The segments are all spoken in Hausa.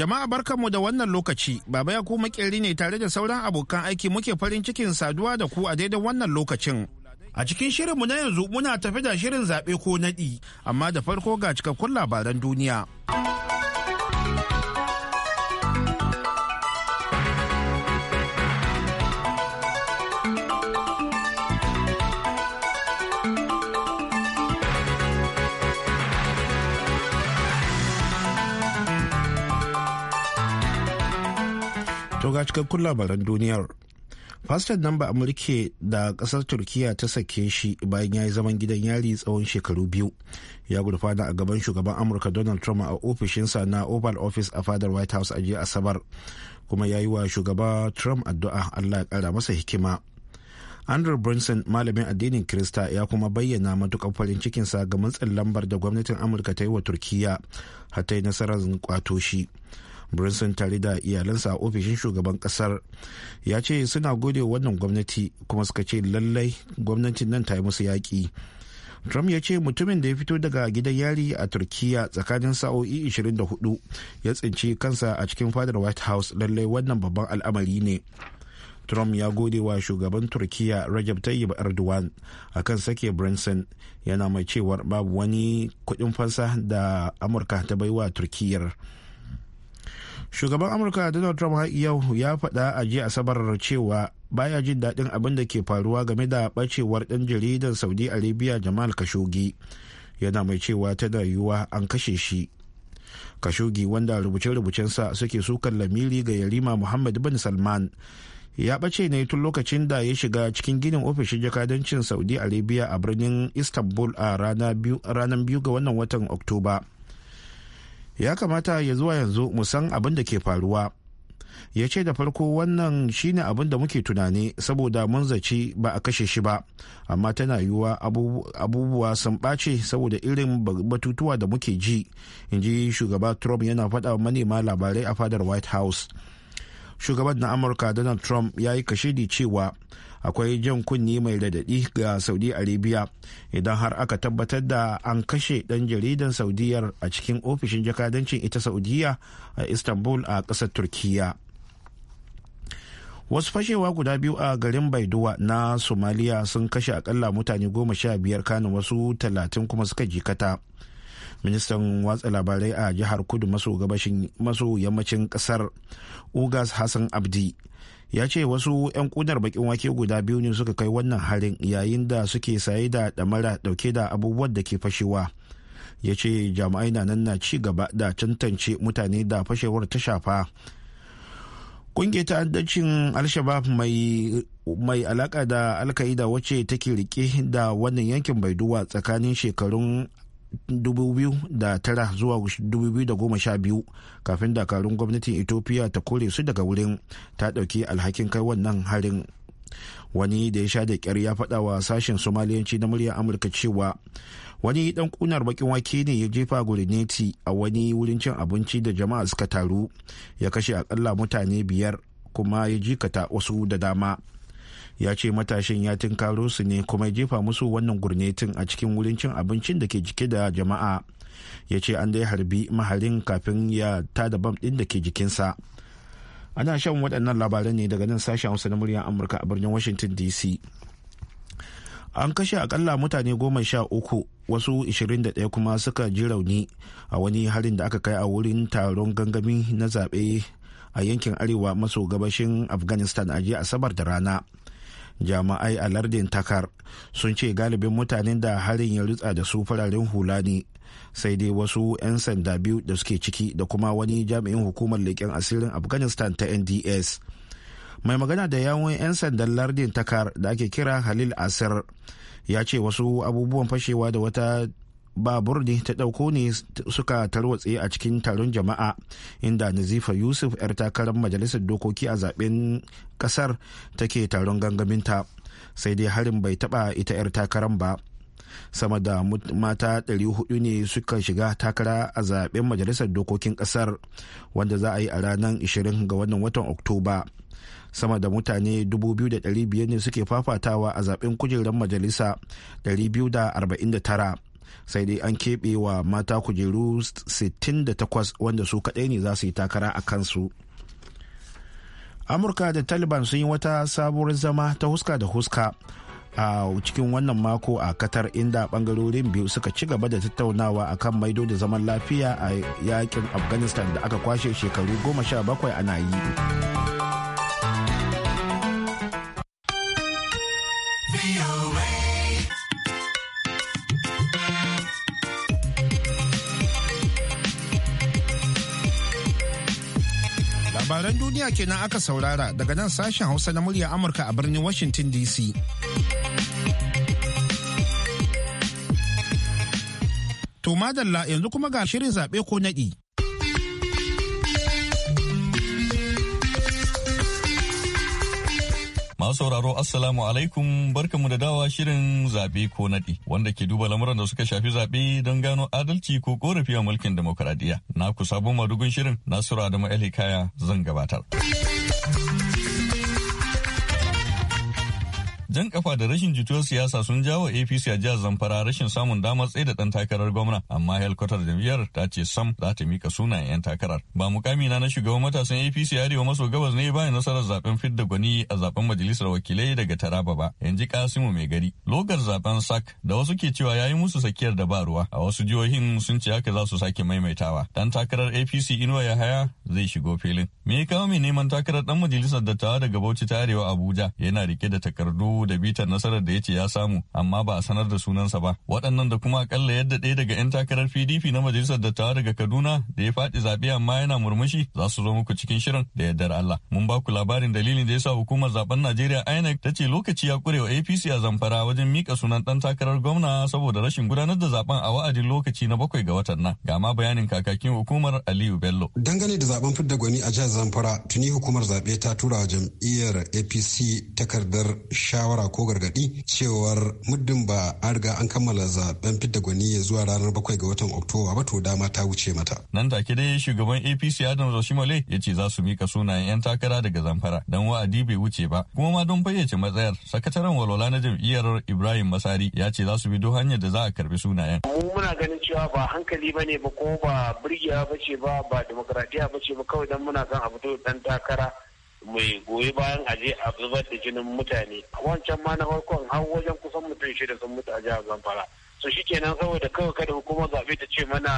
Jama'a barkanmu da wannan lokaci, Baba ya kuma makeri ne tare da sauran abokan aiki muke farin cikin saduwa da ku a daidai wannan lokacin. A cikin shirinmu na yanzu muna tafi da shirin zaɓe ko naɗi, amma da farko ga cikakkun labaran duniya. To ga cikakkun labaran duniyar. Fastan nan ba Amurke da kasar Turkiya ta sake shi bayan ya yi zaman gidan yari tsawon shekaru biyu. Ya gurfana a gaban shugaban Amurka Donald Trump a ofishinsa na Oval Office a fadar White House a jiya Asabar. Kuma ya yi wa shugaba Trump addu'a Allah ya kara masa hikima. Andrew brinson malamin addinin Krista ya kuma bayyana matukar farin cikinsa ga matsin lambar da gwamnatin Amurka ta yi wa Turkiya hatta yi nasarar kwato shi. Brinson tare da iyalansa a ofishin shugaban kasar ya ce suna gode wannan gwamnati kuma suka ce lallai gwamnatin nan ta yi musu yaƙi. Trump ya ce mutumin da ya fito daga gidan yari a Turkiyya tsakanin sa'o'i 24 ya tsinci kansa a cikin fadar White House lallai wannan babban al'amari ne. Trump ya gode wa shugaban Turkiyya Rajab Tayyip Erdogan akan sake brinson yana mai cewar babu wani kuɗin fansa da Amurka ta baiwa Turkiyyar. Turkiyyar. shugaban amurka donald trump har yau ya faɗa a jiya asabar cewa baya jin daɗin abin da ke faruwa game da ɓacewar ɗan jaridan saudi arabia jamal kashogi yana mai cewa ta da yiwuwa an kashe shi kashogi wanda rubuce-rubucensa suke sukan lamiri ga yarima muhammad bin salman ya ɓace ne tun lokacin da ya shiga cikin ginin ofishin jakadancin saudi arabia a birnin istanbul a ranar biyu ga wannan watan oktoba ya kamata ya zuwa yanzu mu san abin da ke faruwa ya ce da farko wannan shine abin da muke tunani saboda mun zaci ba a kashe shi ba amma tana yiwuwa abubuwa sun ɓace saboda irin batutuwa da muke ji in ji shugaba trump yana faɗa manema labarai a fadar white house shugaban na amurka donald trump ya yi kashidi cewa akwai jan kunni mai radadi ga saudi arabia idan har aka tabbatar da an kashe dan jaridan saudiyar a cikin ofishin jakadancin ita saudiya a istanbul a ƙasar turkiya wasu fashewa guda biyu a garin baiduwa na somaliya sun kashe akalla mutane goma sha biyar kano wasu talatin kuma suka jikata ministan watsa labarai a jihar kudu maso maso yammacin kasar ugas hassan abdi ya ce wasu 'yan kunar bakin wake guda biyu ne suka kai wannan harin yayin da suke saye da damara dauke da abubuwan da ke fashewa ya ce jami'ai na nan na ci gaba da tantance mutane da fashewar ta shafa kungiyar ta'addancin alshabab mai mai alaka da alkaida wacce take rike da wannan yankin baiduwa tsakanin shekarun 2009 zuwa 2012 kafin dakarun gwamnatin ethiopia ta kore su daga wurin ta dauki alhakin kai wannan harin wani da ya sha da kyar ya faɗa wa sashen somaliyanci na muryar amurka cewa wani dan kunar bakin wake ne ya jefa gurineti a wani wurin cin abinci da jama'a suka taru ya kashe akalla mutane biyar kuma ya jikata wasu da dama ya ce matashin ya tinkaro su ne kuma ya jefa musu wannan gurnetin a cikin wurin cin abincin da ke jike da jama'a ya ce an dai harbi maharin kafin ya tada bam din da ke jikinsa ana shan waɗannan labaran ne daga nan sashen hausa na muryar amurka a birnin washington dc an kashe akalla mutane goma sha uku wasu 21 kuma suka ji rauni a wani harin da aka kai a wurin taron gangami na zaɓe a yankin arewa maso gabashin afghanistan a jiya asabar da rana jama'ai a lardin takar sun ce galibin mutanen da harin ya rutsa da su fararen hula ne sai dai wasu 'yan sanda biyu da suke ciki da kuma wani jami'in hukumar leƙen asirin afghanistan ta nds mai magana da yawon 'yan sandan lardin takar da ake kira halil asir ya ce wasu abubuwan fashewa da wata babur ne ta ɗauko ne suka tarwatse a cikin taron jama'a inda nazifa yusuf 'yar takarar majalisar dokoki a zaben kasar take taron gangaminta sai dai harin bai taba ita 'yar takarar ba sama da mata 400 ne suka shiga takara a zaben majalisar dokokin kasar wanda za a yi a ranar 20 ga wannan watan oktoba sama da mutane 2,500 ne suke fafatawa a zaben kujerar majalisa 249 sai dai an keɓe wa mata kujeru 68 wanda su kaɗai ne za su yi takara a kansu amurka da taliban sun yi wata sabuwar zama ta huska da huska a cikin wannan mako a katar inda bangarorin biyu suka ci gaba da tattaunawa akan maido da zaman lafiya a yakin afghanistan da aka kwashe shekaru 17 sha bakwai ana yi duniya kenan aka saurara daga nan sashen hausa na murya amurka a birnin washington dc to madalla yanzu kuma ga shirin zaɓe ko naɗi Masu sauraro Assalamu alaikum barkamu da dawa shirin zaɓe ko naɗi wanda ke duba lamuran da suka shafi zaɓe don gano adalci ko korafi a mulkin demokuraɗiyya. Na ku sabon madugun shirin Nasiru Adamu Ali Kaya zan gabatar. Jan kafa da rashin jituwar siyasa sun jawo APC a jihar Zamfara rashin samun damar tsaye da dan takarar gwamna, amma helkwatar jam'iyyar ta ce sam za ta mika sunayen 'yan takarar. Ba mukami na na shugaban matasan APC arewa maso gabas ne bayan nasarar zaben fidda gwani a zaben majalisar wakilai daga Taraba ba, yanzu Kasimu mai gari. Logar zaben sak da wasu ke cewa ya yi musu tsakiyar da ba ruwa, a wasu jihohin sun ce haka za su sake maimaitawa. Dan takarar APC Inuwa Yahaya zai shigo filin. Me ya kawo mai neman takarar dan majalisar dattawa daga Bauchi ta Arewa Abuja yana rike da takardu da bitar nasarar da ya ce ya samu amma ba a sanar da sunansa ba waɗannan da kuma akalla yadda ɗaya daga 'yan takarar pdp na majalisar dattawa daga kaduna da ya faɗi zaɓe amma yana murmushi za su zo muku cikin shirin da yardar allah mun ba ku labarin dalilin da ya sa hukumar zaben najeriya inec ta ce lokaci ya kurewa apc a zamfara wajen mika sunan ɗan takarar gwamna saboda rashin gudanar da zaben a wa'adin lokaci na bakwai ga watan nan ga ma bayanin kakakin hukumar aliyu bello dangane da zaben fidda gwani a jihar zamfara tuni hukumar zaɓe ta tura jam'iyyar apc takardar shawara ko gargaɗi cewar muddin ba a riga an kammala zaben fidda gwani ya zuwa ranar bakwai ga watan oktoba ba to dama ta wuce mata nan take dai shugaban apc adam zoshimale ya ce za su mika sunayen yan takara daga zamfara dan wa'adi bai wuce ba kuma ma don fayyace matsayar sakataren walwala na jam'iyyar ibrahim masari ya ce za su bi duk hanyar da za a karbi sunayen mu muna ganin cewa ba hankali ba ne ba ko ba birgewa ba ce ba ba demokaradiyya ba ce ba kawai don muna son a fito dan takara mai goyi bayan aje a zubar da jinin mutane A wancan ma na farkon har wajen kusan mutum shida sun mutu a jihar zamfara so shi kenan saboda kawai kada hukumar zaɓe ta ce mana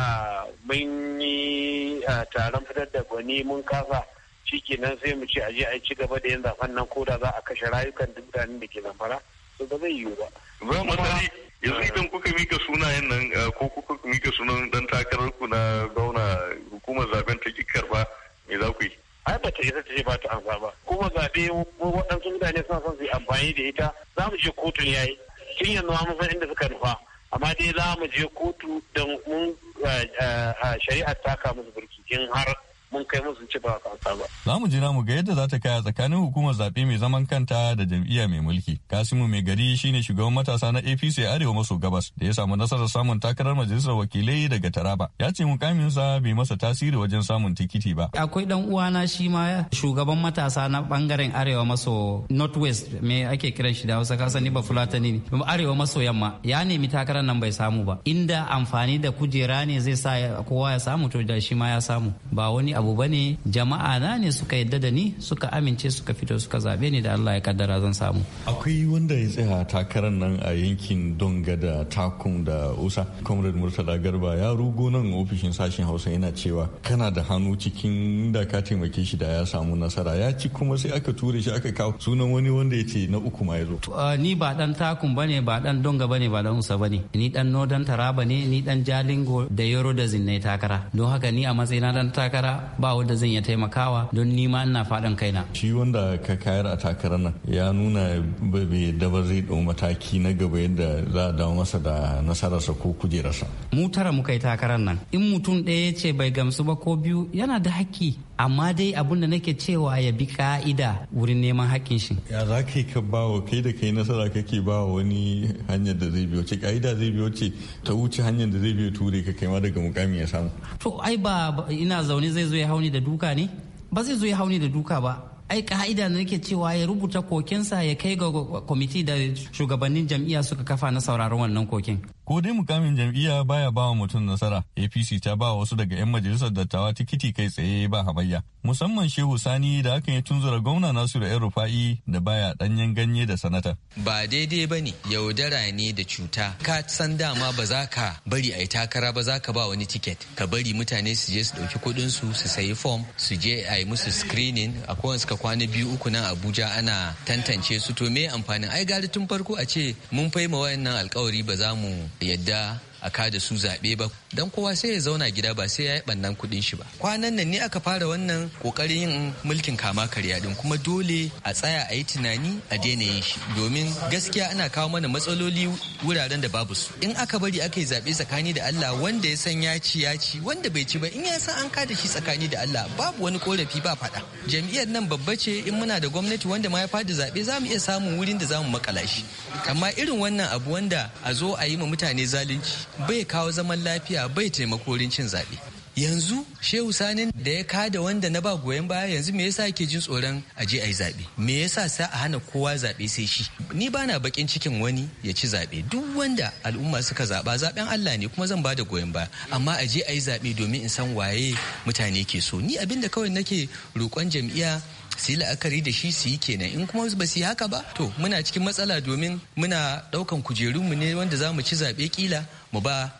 mun yi eh, taron fitar da gwani mun kasa shi kenan sai mu ce aje a ci gaba da yin zaben nan da za a kashe rayukan duk mutanen da ke zamfara to ba zai yiwu ba. Zan yanzu idan kuka mika sunayen nan eh, ko kuka mika sunan dan takarar ku na gauna hukumar zaben ta ki karba me za ku yi? ai ba ta isa ta ce ba ta amsa ba kuma zaɓe waɗansu mutane suna son su yi amfani da ita za mu je kotun ya yi tun yanzu mun san inda suka nufa amma dai za mu je kotu don mun eh, eh, shari'ar ta musu birki in har mun kai musu ci ba kansa ba. Za mu jira mu ga yadda za ta kaya tsakanin hukumar zaɓe mai zaman kanta da jam'iyya mai mulki. Kasimu mai gari shine shugaban matasa na APC Arewa maso gabas da ya samu nasarar samun takarar majalisar wakilai daga Taraba. Ya ce mukaminsa bai masa tasiri wajen samun tikiti ba. Akwai dan uwana shi ma shugaban matasa na bangaren Arewa maso west me ake kiran shi da Hausa ka sani ba Fulatani ne. Arewa maso yamma ya nemi takarar nan bai samu ba. Inda amfani da kujera ne zai sa kowa ya samu to da shi ma ya samu. Ba wani abu bane jama'a na ne suka yadda da ni suka amince suka fito suka zabe ni da Allah ya kaddara zan samu akwai wanda ya tsaya takarar nan a yankin donga da takun da usa comrade murtala garba ya rugo nan ofishin sashen hausa yana cewa kana da hannu cikin da ka taimake shi da ya samu nasara ya ci kuma sai aka ture shi aka kawo sunan wani wanda ya ce na uku ma ya zo ni ba dan takun bane ba dan donga bane ba dan usa bane ni dan nodan taraba ne ni dan jalingo da yoro da zinne takara don haka ni a matsayina dan takara ba wanda zan iya taimakawa don nima ina faɗin kaina shi wanda ka kayar a takarar nan ya nuna bai ba zai ɗau mataki na gaba yadda za a dawo masa da nasararsa ko kujerarsa mu tara muka yi takarar nan in mutum ɗaya ce bai gamsu ba ko biyu yana da haƙƙi amma dai abin da nake cewa ya bi ka'ida wurin neman haƙƙin shi. Ya za ka yi ka wa kai da kai nasara kake ba wani hanyar da zai biyo ce ka'ida zai biyo ce ta wuce hanyar da zai biyo ture ka kai ma daga mukami ya samu. To ai ba ina zaune zai zo hauni da duka ne ba zai zo ya hauni da duka ba ai ka'ida da nake cewa ya rubuta kokensa ya kai ga kwamiti da shugabannin jam'iyya suka kafa na sauraron wannan koken ko dai mukamin jam'iyya baya ba wa mutum nasara apc ta ba wasu daga 'yan majalisar dattawa tikiti kai tsaye ba hamayya musamman shehu sani da hakan ya tunzura gwamna nasiru yan rufa'i da baya ɗanyen ganye da sanata ba daidai ba ne yaudara ne da cuta ka san dama ba za ka bari a yi takara ba za ka ba wani tiket ka bari mutane su je su ɗauki kuɗin su su sayi fom su je a yi musu screening a kowane suka kwana biyu uku nan abuja ana tantance su to me amfanin ai gari tun farko a ce mun faima wayannan alkawari ba za mu yadda a kada su zaɓe ba dan kowa sai ya zauna gida ba sai ya yi ɓannan kuɗin shi ba kwanan nan ne aka fara wannan kokarin yin mulkin kama karya din kuma dole a tsaya a yi tunani a daina yin shi domin gaskiya ana kawo mana matsaloli wuraren da babu su in aka bari aka yi zaɓe tsakani da Allah wanda ya san ya ci ya ci wanda bai ci ba in ya san an kada shi tsakani da Allah babu wani korafi ba faɗa jam'iyyar nan babba ce in muna da gwamnati wanda ma ya fada zaɓe za mu iya samun wurin da za mu makala shi amma irin wannan abu wanda a zo a yi ma mutane zalunci bai kawo zaman lafiya bai taimako wurin cin zaɓe yanzu shehu Sani da ya kada wanda na ba goyon baya yanzu me yasa ke jin tsoron a je a yi zaɓe me yasa sa a hana kowa zaɓe sai shi ni ba na bakin cikin wani ya ci zaɓe duk wanda al'umma suka zaɓa zaɓen Allah ne kuma zan ba da goyon baya amma a je a yi zaɓe domin in san waye mutane ke so ni abin da kawai nake roƙon jam'iyya su la'akari da shi su yi kenan in kuma ba su yi haka ba to muna cikin matsala domin muna daukan kujerunmu ne wanda za mu ci zaɓe kila mu ba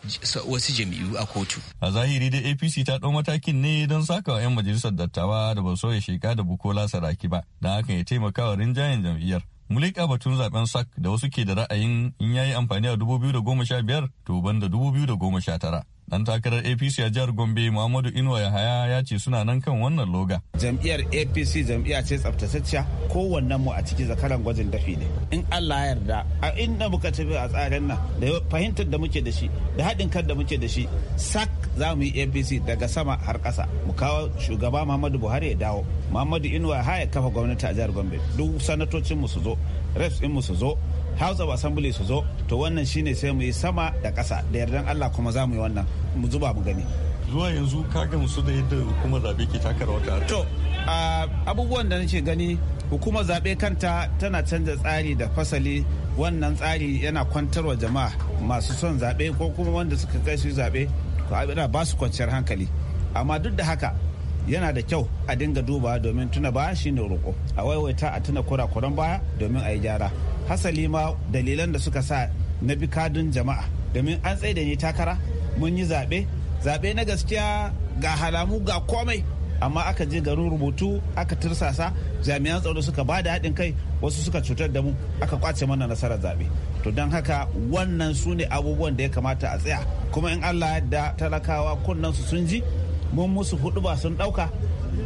wasu jami'u a kotu. A zahiri da APC ta ɗau matakin ne don sakawa 'yan majalisar dattawa da ba soya sheka da bukola saraki ba da hakan ya taimaka wa rinjayen jam'iyyar. Mulika batun zaben sak da wasu ke da ra'ayin in yayi amfani a 2015 to banda da 2019. Dan takarar APC a jihar Gombe Muhammadu Inuwa Yahaya ya ce suna nan kan wannan loga. Jam'iyyar APC jam'iyya ce tsaftatacciya kowannen mu a ciki zakaran gwajin dafi ne. In Allah ya yarda a inda muka tafi a tsarin nan da fahimtar da muke da shi da haɗin kan da muke da shi sak za mu yi APC daga sama har ƙasa mu kawo shugaba Muhammadu Buhari ya dawo. Muhammadu Inuwa ya haya kafa gwamnati a jihar Gombe duk sanatocin mu su zo, reps in mu su zo, house of assembly su zo to wannan shine sai mu yi sama da ƙasa da yardan allah kuma za mu yi wannan mu zuba mu gani zuwa yanzu ka gamsu da yadda hukumar zaɓe ke taka rawa to abubuwan da nake gani hukumar zaɓe kanta tana canza tsari da fasali wannan tsari yana kwantarwa jama'a masu son zaɓe ko kuma wanda suka kai su zaɓe ko abin ba su kwanciyar hankali amma duk da haka yana da kyau a dinga duba domin tuna baya ne roƙo a waiwaita a tuna kura kuran baya domin a yi gyara hasali ma dalilan da suka sa na bi kadun jama'a domin an tsaye da ni takara mun yi zaɓe zaɓe na gaskiya ga halamu ga komai amma aka je garin rubutu aka tursasa jami'an tsaro suka ba da haɗin kai wasu suka cutar da mu aka kwace mana nasarar zaɓe to don haka wannan su ne abubuwan da ya kamata a tsaya kuma in allah da talakawa kunnen su sun ji mun musu hudu ba sun ɗauka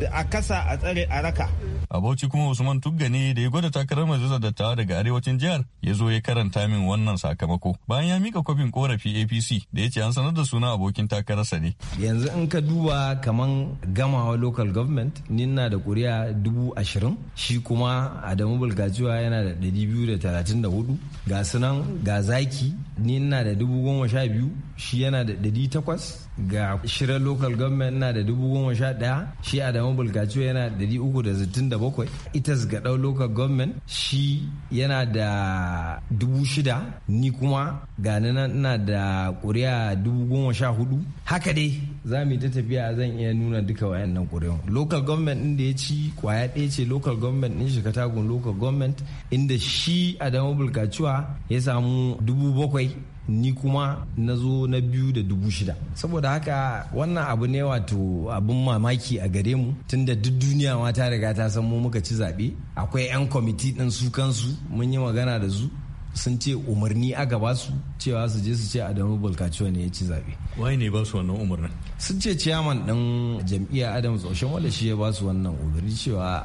da a kasa a tsare a raka Abauci kuma Usman tuggani da ya gwada takarar majalisar dattawa daga arewacin jihar ya zo ya karanta min wannan sakamako. Bayan ya mika kwafin korafi APC da ya ce an sanar da suna abokin takararsa ne. Yanzu in ka duba kaman gamawa local government ni na da kuri'a dubu ashirin shi kuma Adamu Bulgaciwa yana da ɗari biyu da talatin da hudu ga sunan ga zaki ni na da dubu goma sha biyu shi yana da ɗari takwas ga shirin local government na da dubu goma sha daya shi adamu bulkaciyo yana da dari uku da sittin da bakwai ita gaɗau local government shi yana da dubu shida ni kuma ga nan ina da ƙuri'a dubu goma sha hudu haka dai za mu yi ta tafiya zan iya nuna duka wayannan ƙuri'un local government ɗin da ya ci kwaya ɗaya ce local government din shi katagun local government inda shi adamu bulkacuwa ya samu dubu bakwai ni kuma na zo na biyu da dubu shida saboda haka wannan abu ne wato abin mamaki a gare mu tunda duk duniya ma ta riga ta san mu muka ci zaɓe akwai 'yan kwamiti ɗin su kansu mun yi magana da su sun ce umarni aka ba su cewa su je su ce adamu bulkaciwa ne ya ci zaɓe. waye ne ba su wannan umarnin sun ce ciyaman ɗin jam'iyyar adamu tsoshen wanda shi ya ba su wannan umarni cewa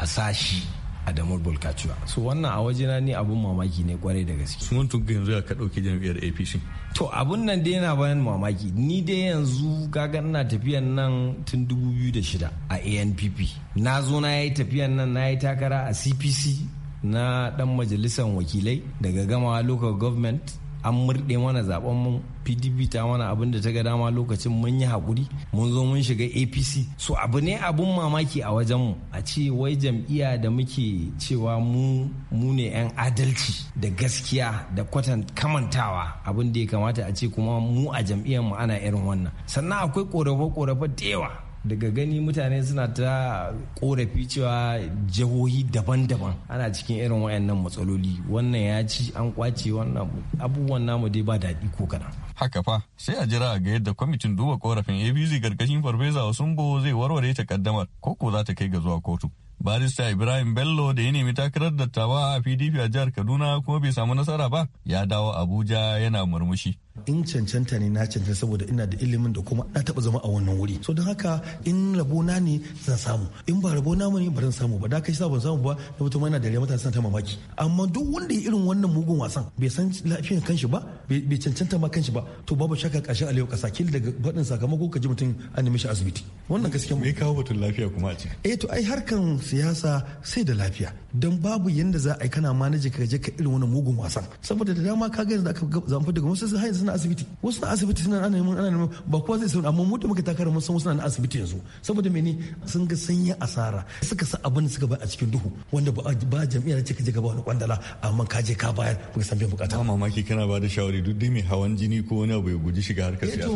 a sashi adamu bulkaciwa Su wannan a wajena ne abun mamaki ne kwarai da gaske sun ga yanzu ya ka ɗauki jam'iyyar apc to abun nan dai yana bayan mamaki ni dai yanzu kaga ina tafiyan nan tun 2006 a anpp na zo na yi tafiyan nan na yi takara a cpc na dan majalisar wakilai daga gama local government an murɗe mana zaben mu pdp ta mana abin da ta ga dama lokacin mun yi hakuri mun zo mun shiga apc so abu ne abun mamaki a wajen mu a ce wai jam'iyya da muke cewa mu mu ne 'yan adalci da gaskiya da kwatan kamantawa abin da ya kamata a ce kuma mu a jam'iyyar mu ana irin wannan sannan akwai korafe-korafe da yawa daga gani mutane suna ta korafi cewa jihohi daban-daban ana cikin irin wayannan matsaloli wannan ya ci an kwace wannan abubuwan namu dai ba daɗi ko kana haka fa sai a jira ga yadda kwamitin duba korafin abc gargashin farfesa bo zai warware ta kaddamar ko ko za ta kai ga zuwa kotu barista ibrahim bello da ya nemi takarar dattawa a pdp a jihar kaduna kuma bai samu nasara ba ya dawo abuja yana murmushi in cancanta ne na cancanta saboda ina da ilimin da kuma na taba zama a wannan wuri so don haka in rabona ne zan samu in ba rabona ne ba zan samu ba da kai sa ban samu ba na mutum yana da rai matasa ta mamaki amma duk wanda ya irin wannan mugun wasan bai san lafiyar kanshi ba bai cancanta ma kanshi ba to babu shakka kashin aliyu ka kil daga baɗin sakamako ka ji mutum an nemi shi asibiti wannan gaskiya me kawo batun lafiya kuma a ce eh to ai harkan siyasa sai da lafiya don babu yanda za a yi kana manaje ka je ka irin wannan mugun wasan saboda da dama ka ga yanzu aka zamfa daga wasu sai yanzu na asibiti wasu na asibiti suna ana neman ana neman ba kowa zai sauri amma mutum da muka takara mun san wasu na asibiti yanzu saboda mene sun ga sanya asara suka sa abin da suka bai a cikin duhu wanda ba jami'a ce ka je gaba wani kwandala amma ka je ka bayar kuka san biyan bukata ba mamaki kana ba da shawari duk dai mai hawan jini ko wani abu ya guji shiga harkar eh, siyasa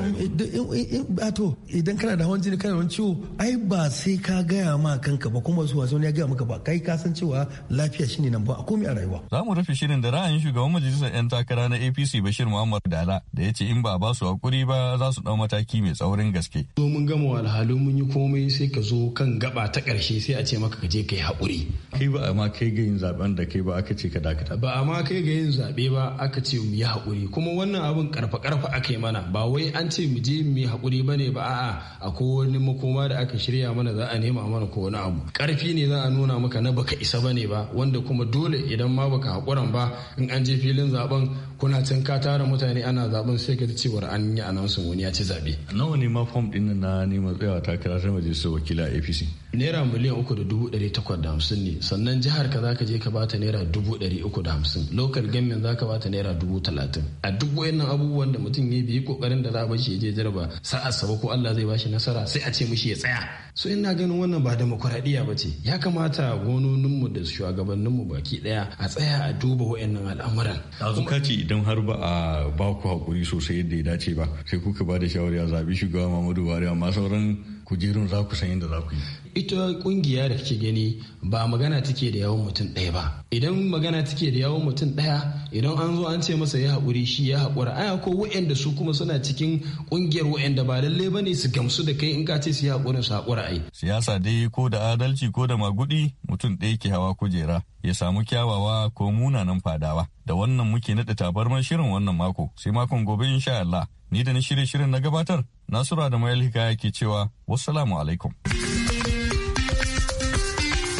eh, eh, ah, to idan kana da hawan jini kana wani ciwo ai ba sai ka gaya ma kanka ba kuma su wasu ya gaya maka ba kai ka san cewa lafiya shine nan ba a komai a rayuwa za mu rufe shirin da ra'ayin shugaban majalisar 'yan takara na apc bashir muhammad dala da ya ce in ba ba su hakuri ba za su dau mataki mai tsaurin gaske. Zo mun gama alhalu mun yi komai sai ka zo kan gaba ta ƙarshe sai a ce maka ka je ka yi hakuri. Kai ba a ma kai ga yin zaben da kai ba aka ce ka dakata. Ba a kai ga yin zaɓe ba aka ce mu yi hakuri kuma wannan abin karfa karfa aka yi mana ba wai an ce mu je mu yi hakuri ba ne ba a'a akwai wani makoma da aka shirya mana za a nema mana ko wani abu. karfi ne za a nuna maka na baka isa ba ne ba wanda kuma dole idan ma baka hakuran ba in an je filin zaben kuna can ka tara mutane ana zaben sai ka cewar an yi anonsin wani ya ci zabe nawa ne ma fom din na neman tsayawa takara ta majalisar wakila apc naira miliyan uku da dubu ɗari takwas da hamsin ne sannan jihar ka zaka je ka bata naira dubu ɗari uku da hamsin local government zaka bata naira dubu talatin a duk wayannan abubuwan da mutum ya biyi kokarin da za a bashi ya je jarba sa'a saba ko Allah zai bashi nasara sai a ce mishi ya tsaya so ina ganin wannan ba demokuraɗiyya ba ce ya kamata gononinmu da shugabanninmu baki ɗaya a tsaya a duba wayannan al'amuran yanzu ka ce idan har ba a ba ku hakuri sosai yadda ya dace ba sai kuka ba da shawari a zaɓi shugaba Muhammadu Buhari amma sauran kujerun za ku san yadda za ku yi ita kungiya da kake gani ba magana take da yawon mutum ɗaya ba idan magana take da yawon mutum ɗaya idan an zo an ce masa ya haƙuri shi ya haƙura ai ko wa'anda su kuma suna cikin kungiyar wa'anda ba lallai ba ne su gamsu da kai in ka ce su ya haƙura su haƙura ai siyasa dai ko da adalci ko da magudi mutum ɗaya ke hawa kujera ya samu kyawawa ko munanan fadawa da wannan muke naɗa tabarman shirin wannan mako sai makon gobe insha Allah ni da na shirye shirin na gabatar Nasura da Mayal Hikaya ke cewa wassalamu alaikum.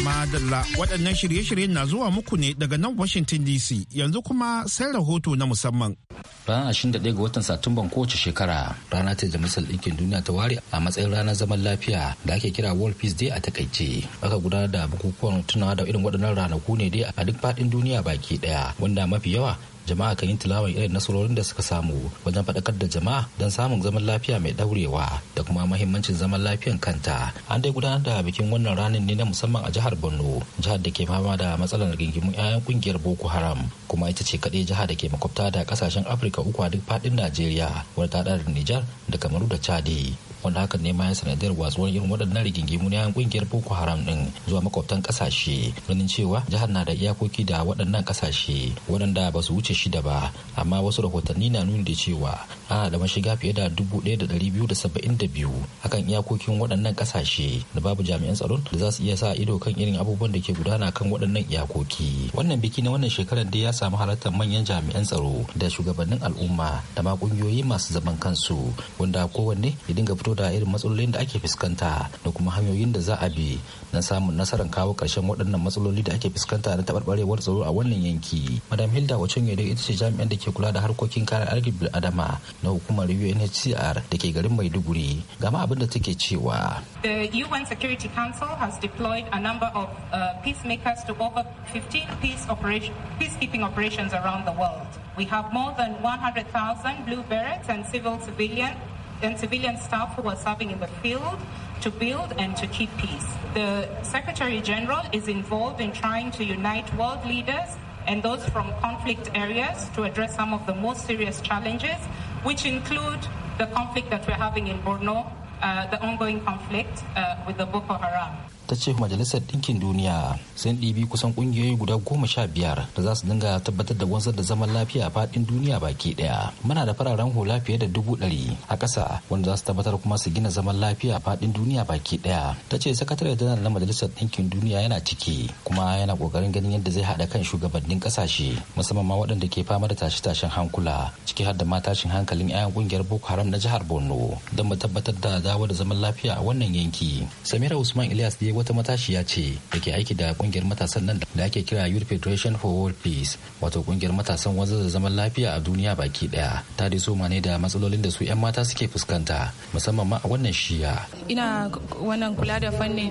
Madalla waɗannan shirye-shiryen na zuwa muku ne daga nan Washington DC yanzu kuma sai rahoto na musamman. Ranar 21 ga watan Satumban kowace shekara rana ta da Ɗinkin Duniya ta ware a matsayin ranar zaman lafiya da ake kira World Peace Day a takaice. Aka gudanar da bukukuwan tunawa da irin waɗannan ranaku ne dai a duk faɗin duniya baki ɗaya wanda mafi yawa jama'a kan yi tilawar irin nasarorin da suka samu wajen faɗakar da jama'a don samun zaman lafiya mai ɗaurewa da kuma mahimmancin zaman lafiyan kanta an dai gudanar da bikin wannan ranar ne na musamman a jihar borno jihar da ke fama da matsalar rigingimun 'ya'yan kungiyar boko haram kuma ita ce kaɗai jihar da ke makwabta da ƙasashen afirka uku a duk faɗin najeriya wadda ta da nijar da kamaru da chadi wanda hakan ne ma ya sanadiyar watsuwar irin waɗannan rigingimu na kungiyar boko haram din zuwa makwabtan kasashe ganin cewa jihar na da iyakoki da waɗannan kasashe waɗanda ba su wuce shida ba amma wasu rahotanni na nuni da cewa ana da mashiga fiye da dubu ɗaya da ɗari biyu da saba'in da biyu akan iyakokin waɗannan ƙasashe da babu jami'an tsaron da za su iya sa ido kan irin abubuwan da ke gudana kan waɗannan iyakoki wannan biki na wannan shekarar dai ya samu halartar manyan jami'an tsaro da shugabannin al'umma da ma ƙungiyoyi masu zaman kansu wanda kowanne ya dinga fito da irin matsalolin da ake fuskanta da kuma hanyoyin da za a bi na samun nasarar kawo karshen waɗannan matsaloli da ake fuskanta na taɓarɓarewar tsaro a wannan yanki. Madam Hilda Wacin da ita ce jami'an da ke kula da harkokin kare bil adama na hukumar UNHCR da ke garin Maiduguri. Gama abin da take cewa. The UN Security Council has deployed a number of uh, to over 15 peace operation, peacekeeping operations around the world. We have more than 100,000 blue berets and civil civilian. and civilian staff who are serving in the field to build and to keep peace. The Secretary General is involved in trying to unite world leaders and those from conflict areas to address some of the most serious challenges, which include the conflict that we're having in Borno, uh, the ongoing conflict uh, with the Boko Haram. ta ce majalisar ɗinkin duniya sun ɗibi kusan ƙungiyoyi guda goma sha biyar da za su dinga tabbatar da wanzar da zaman lafiya a faɗin duniya baki ɗaya muna da fararen hula fiye da dubu ɗari a ƙasa wanda za su tabbatar kuma su gina zaman lafiya a faɗin duniya baki ɗaya ta ce sakatare da na majalisar ɗinkin duniya yana ciki kuma yana ƙoƙarin ganin yadda zai haɗa kan shugabannin ƙasashe musamman ma waɗanda ke fama da tashe-tashen hankula ciki har da ma tashin hankalin 'ya'yan ƙungiyar boko haram na jihar borno don mu tabbatar da dawo da zaman lafiya a wannan yanki samira usman ilyas wata matashiya ce da ke aiki da kungiyar matasan nan da ake kira Youth Federation for World Peace wato kungiyar matasan wanzar da zaman lafiya a duniya baki daya ta dai soma ne da matsalolin da su 'yan mata suke fuskanta musamman ma a wannan shiya ina wannan kula da fannin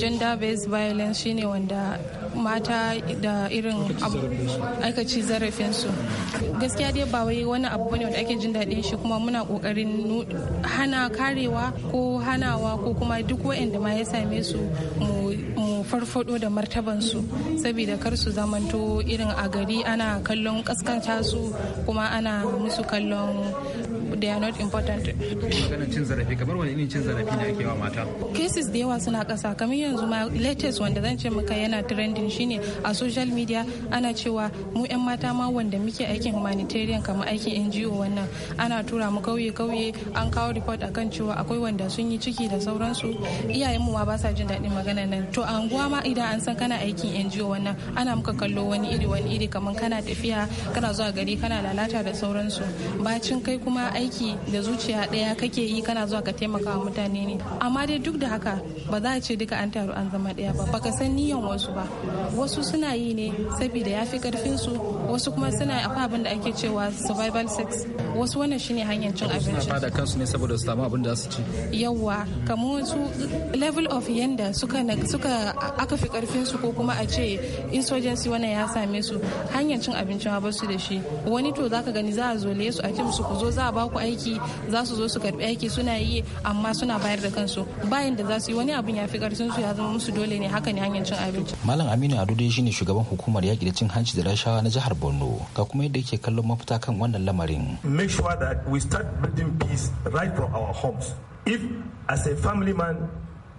gender based violence shine wanda mata da irin aikaci zarafinsu gaskiya dai ba wai wani abu ne wanda ake jin daɗin shi kuma muna ƙoƙarin hana karewa ko hanawa ko kuma duk waɗanda ma ya same su mu farfado da martabansu saboda kar su zamanto irin a gari ana kallon kaskanta su kuma ana musu kallon they are not important cases da yawa suna kasa kamar yanzu ma latest wanda zan ce maka yana trending shine a social media ana cewa mu yan mata ma wanda muke aikin humanitarian kamar aikin NGO wannan ana tura mu kauye kauye an kawo report akan cewa akwai wanda sun yi ciki da sauransu iyayen mu ma ba sa jin daɗin maganar nan to a unguwa ma idan an san kana aikin NGO wannan ana muka kallo wani iri wani iri kamar kana tafiya kana zuwa gari kana lalata da sauransu bacin kai kuma aiki aiki da zuciya ɗaya kake yi kana zuwa ka taimaka wa mutane ne amma dai duk da haka ba za a ce duka an taru an zama ɗaya ba baka san niyan wasu ba wasu suna yi ne saboda ya fi karfin su wasu kuma suna akwai abin da ake cewa survival sex wasu wannan shine hanyar cin abinci suna fada kansu ne saboda su samu abin da su ci yawa kamar wasu level of yanda suka suka aka fi karfin su ko kuma a ce insurgency wannan ya same su hanyar cin abinci ba su da shi wani to zaka gani za a le su a ce musu ku zo za a ba ku aiki za su zo su karbi aiki suna yi amma suna bayar da kansu bayan da za su yi wani abin ya fi karfin su ya zama musu dole ne haka ne hanyar cin abinci malam aminu ado dai ne shugaban hukumar yaki da cin hanci da rashawa na jihar borno ga kuma yadda yake kallon mafita kan wannan lamarin make sure that we start building peace right from our homes if as a family man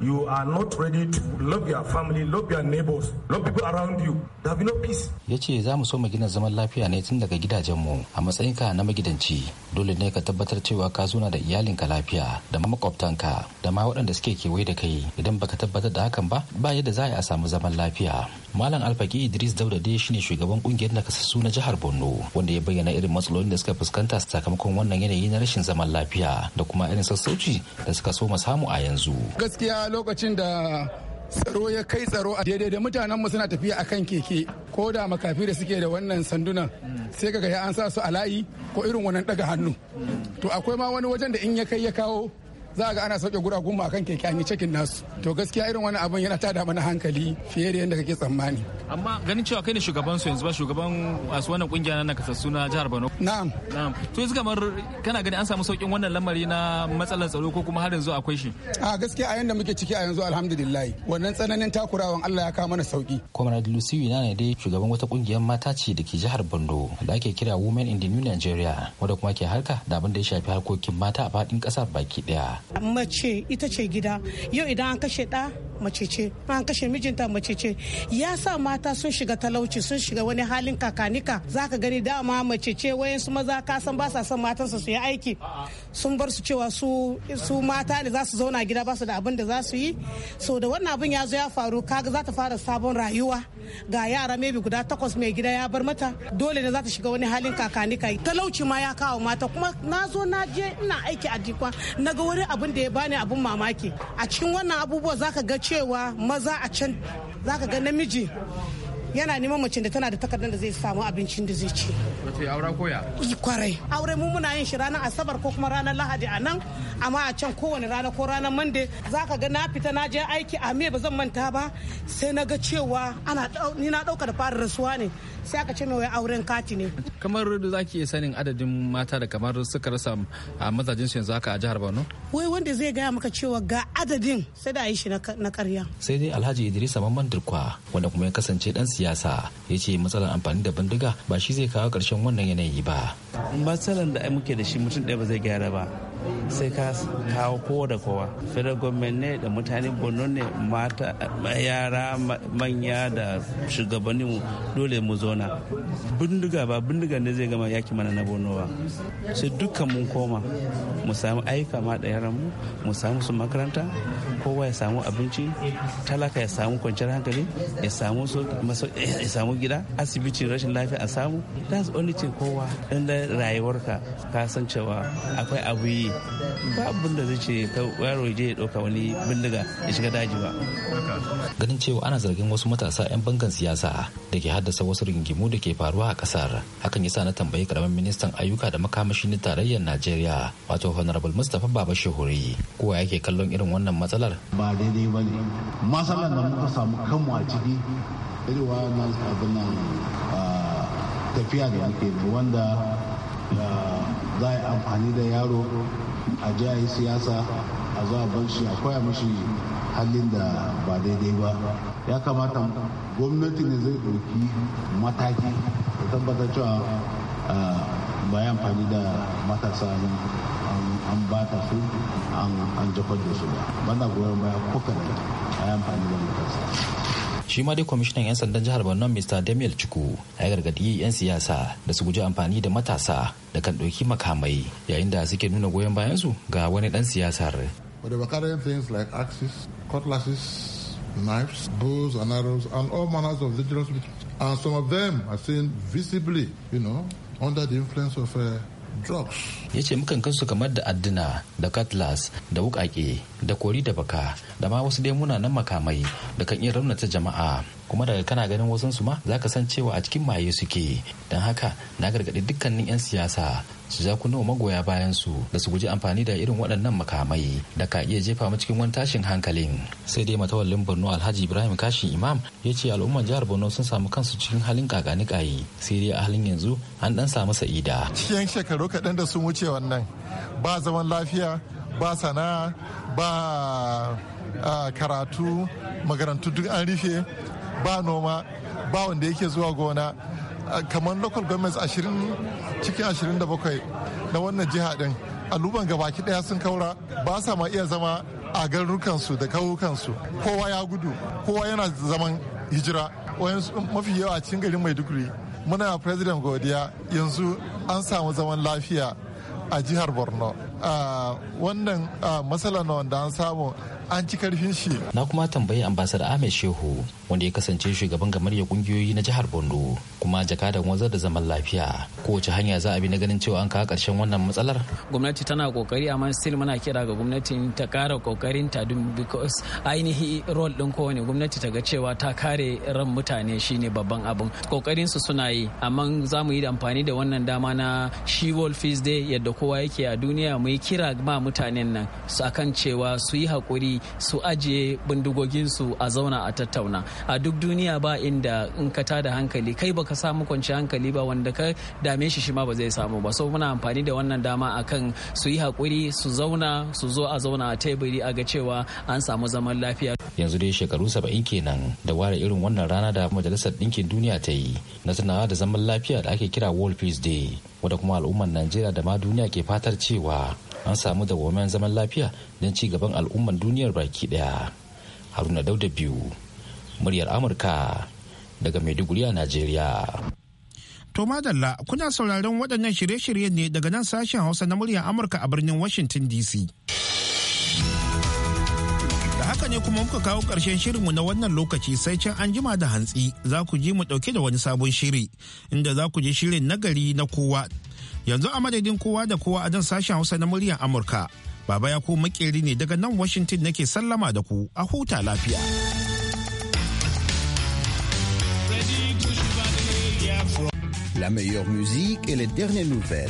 you are not ready to love your family, love your neighbors, love people around you, there will be no peace. Ya ce za mu so mu gina zaman lafiya ne tun daga gidajenmu a matsayinka na magidanci dole ne ka tabbatar cewa ka zuna da iyalinka lafiya da makwabtanka da ma waɗanda suke kewaye da kai idan baka tabbatar da hakan ba ba yadda za a samu zaman lafiya. Malam Alfaki Idris daudade dai shine shugaban kungiyar nakasassu na jihar Borno wanda ya bayyana irin matsalolin da suka fuskanta sakamakon wannan yanayi na rashin zaman lafiya da kuma irin sassauci da suka so samu a yanzu. Gaskiya lokacin da tsaro ya kai tsaro a daidai da mutanenmu suna tafiya a kan keke ko da makafi da suke da wannan sandunan sai kaga ya an sa su a layi ko irin wannan daga hannu to akwai ma wani wajen da in ya kai ya kawo za ga ana sauke gura goma kan keke an yi cikin nasu to gaskiya irin wani abin yana tada mana hankali fiye da yadda kake tsammani amma ganin cewa kai ne shugaban su yanzu ba shugaban wasu wannan kungiya na nakasassu na jihar Borno na'am na'am to yanzu kamar kana gani an samu saukin wannan lamari na matsalar tsaro ko kuma har yanzu akwai shi a gaskiya a yanda muke ciki a yanzu alhamdulillah wannan tsananin takurawan Allah ya kawo mana sauki comrade Lucy ne dai shugaban wata kungiyar mata ce da ke jihar Borno da ake kira Women in the New Nigeria wanda kuma ke harka da abin da ya shafi harkokin mata a faɗin ƙasar baki ɗaya mace ita ce gida yau idan an kashe ɗa mace ce an kashe mijinta mace ce ya sa mata sun shiga talauci sun shiga wani halin kakanika za ka gani dama mace ce su maza ka san ba sa son matansa su yi aiki sun bar su cewa su su mata ne za su zauna gida ba su da abin da za su yi so da wannan abin ya zo ya faru kaga za ta fara sabon rayuwa ga yara maybe guda takwas mai gida ya bar mata dole ne za ta shiga wani halin kakani kai talauci ma ya kawo mata kuma na zo na je ina aiki a jikwa na ga wani abin da ya bani abin mamaki a cikin wannan abubuwa zaka ga cewa maza a can zaka ga namiji yana neman mace da tana da takardar da zai samu abincin da zai ci wato aure koya kwarai aure mu muna yin shi ranar asabar ko kuma ranar lahadi a nan amma a can kowane rana ko ranar mande ka ga na fita na je aiki a me ba zan manta ba sai na ga cewa ana ni na dauka da fara rasuwa ne sai aka ce mai auren kati ne kamar da ki iya sanin adadin mata da kamar suka rasa a mazajen su yanzu haka a jihar Borno wai wanda zai gaya maka cewa ga adadin sai da yi shi na karya sai dai Alhaji Idrisa Mamman Durkwa wanda kuma ya kasance dan siyasa ya ce matsalar amfani da bindiga ba shi zai kawo ƙarshen wannan yanayi ba matsalar da muke da shi mutum ɗaya ba zai gyara ba sai ka kawo kowa da kowa federal government ne da mutane borno ne mata yara manya da shugabanni dole mu zauna. bindiga ba bindiga ne zai gama yaki mana na borno ba sai dukkan mun koma mu samu aika ma da yaran mu mu samu su makaranta kowa ya samu abinci talaka ya samu kwanciyar hankali ya samu ya samu gida asibiti rashin lafiya a samu that's only ce kowa inda rayuwarka ka san cewa akwai abu yi ba abin da zai ce yaro je ya ɗauka wani bindiga ya shiga daji ba. Ganin cewa ana zargin wasu matasa 'yan bangan siyasa da ke haddasa wasu rigingimu da ke faruwa a kasar hakan yasa na tambayi karamin ministan ayyuka da makamashi na tarayyar Najeriya wato Honorable Mustapha Baba Shehuri kowa yake kallon irin wannan matsalar. Ba daidai ba ne matsalar da muka samu kanmu a ciki irin wannan abin nan ah, tafiya da muke wanda da za a yi amfani da yaro a ji siyasa a zuwa a shi a koya mashi halin da ba daidai ba ya kamata gwamnati ne zai ɗauki mataki da tabbatar cewa ba ya amfani da matasa an ba ta su an jakon da su ba bana goyon baya kuka da a yi amfani da matasa shi ma dai kwamishinan 'yan sandan jihar borno mr daniel chuku ya gargadi 'yan siyasa da su guji amfani da matasa da kan ɗauki makamai yayin da suke nuna goyon bayansu ga wani ɗan siyasar But they were like axes, cutlasses, knives, bows and arrows, and all manners of dangerous And some of them are seen visibly, you know, under the influence of uh, drugs ya ce mukan kansu kamar da adduna da cutlass da wukake da kori da baka da ma wasu dai muna nan makamai da kan iya raunata jama'a kuma daga kana ganin wasun su ma ka san cewa a cikin maye suke don haka na gargaɗi dukkanin 'yan siyasa su ja kunnuwa magoya bayan su da su guji amfani da irin waɗannan makamai da ka iya jefa mu cikin wani tashin hankalin sai dai matawallin borno alhaji ibrahim kashi imam ya ce al'ummar jihar borno sun samu kansu cikin halin kakanikayi sai dai a halin yanzu an dan samu sa'ida cikin shekaru kaɗan da sun wuce wannan ba zaman lafiya ba sana'a ba ah, karatu magarantu duk an rufe ba noma ba wanda yake zuwa gona kamar local governments ashirin cikin ashirin da bakwai na wannan jiha din aluban gabaki daya sun kaura ba sa ma iya zama a garurukansu da kawukansu kowa ya gudu kowa yana zaman hijira mafi yawa cikin garin maiduguri muna president godiya yanzu an samu zaman lafiya a jihar borno wannan matsala na wanda an samu an ci karfin shi na kuma tambayi ambasar ahmed shehu wanda ya kasance shugaban gamaryar kungiyoyi na jihar Bondo kuma jakadan wanzar da zaman lafiya kowace hanya za a bi na ganin cewa an kawo karshen wannan matsalar gwamnati tana kokari amma still muna kira ga gwamnati ta kara kokarin ta because ainihi role din kowane gwamnati ta ga cewa ta kare ran mutane shine babban abin kokarin su suna yi amma za mu yi amfani da wannan dama na shi wolfis day yadda kowa yake a duniya mu yi kira ma mutanen nan su akan cewa su yi hakuri su ajiye bindigoginsu a zauna a tattauna a duk duniya ba inda in ka tada hankali kai baka samu kwanci hankali ba wanda ka dame shi shi ma ba zai samu ba so muna amfani da wannan dama akan su yi hakuri su zauna su zo a zauna a teburi a ga cewa an samu zaman lafiya yanzu dai shekaru saba'in kenan da ware irin wannan rana da majalisar ɗinkin duniya ta yi na tunawa da zaman lafiya da ake kira world peace day wadda kuma al'ummar najeriya da ma duniya ke fatar cewa an samu da zaman lafiya don ci gaban al'ummar duniyar baki daya haruna dauda biyu muryar amurka daga maiduguri a najeriya to madalla kuna sauraron waɗannan shirye-shirye ne daga nan sashen hausa na muryar amurka a birnin washington dc da haka ne kuma muka kawo ƙarshen shirinmu na wannan lokaci sai can an jima da hantsi za ku ji mu ɗauke da wani sabon shiri inda za ku ji shirin nagari na kowa yanzu a madadin kowa da kowa a dan sashen hausa na muryar amurka baba ya ko makeri ne daga nan washington nake sallama da ku a huta lafiya. la meilleure musique et les dernières nouvelles.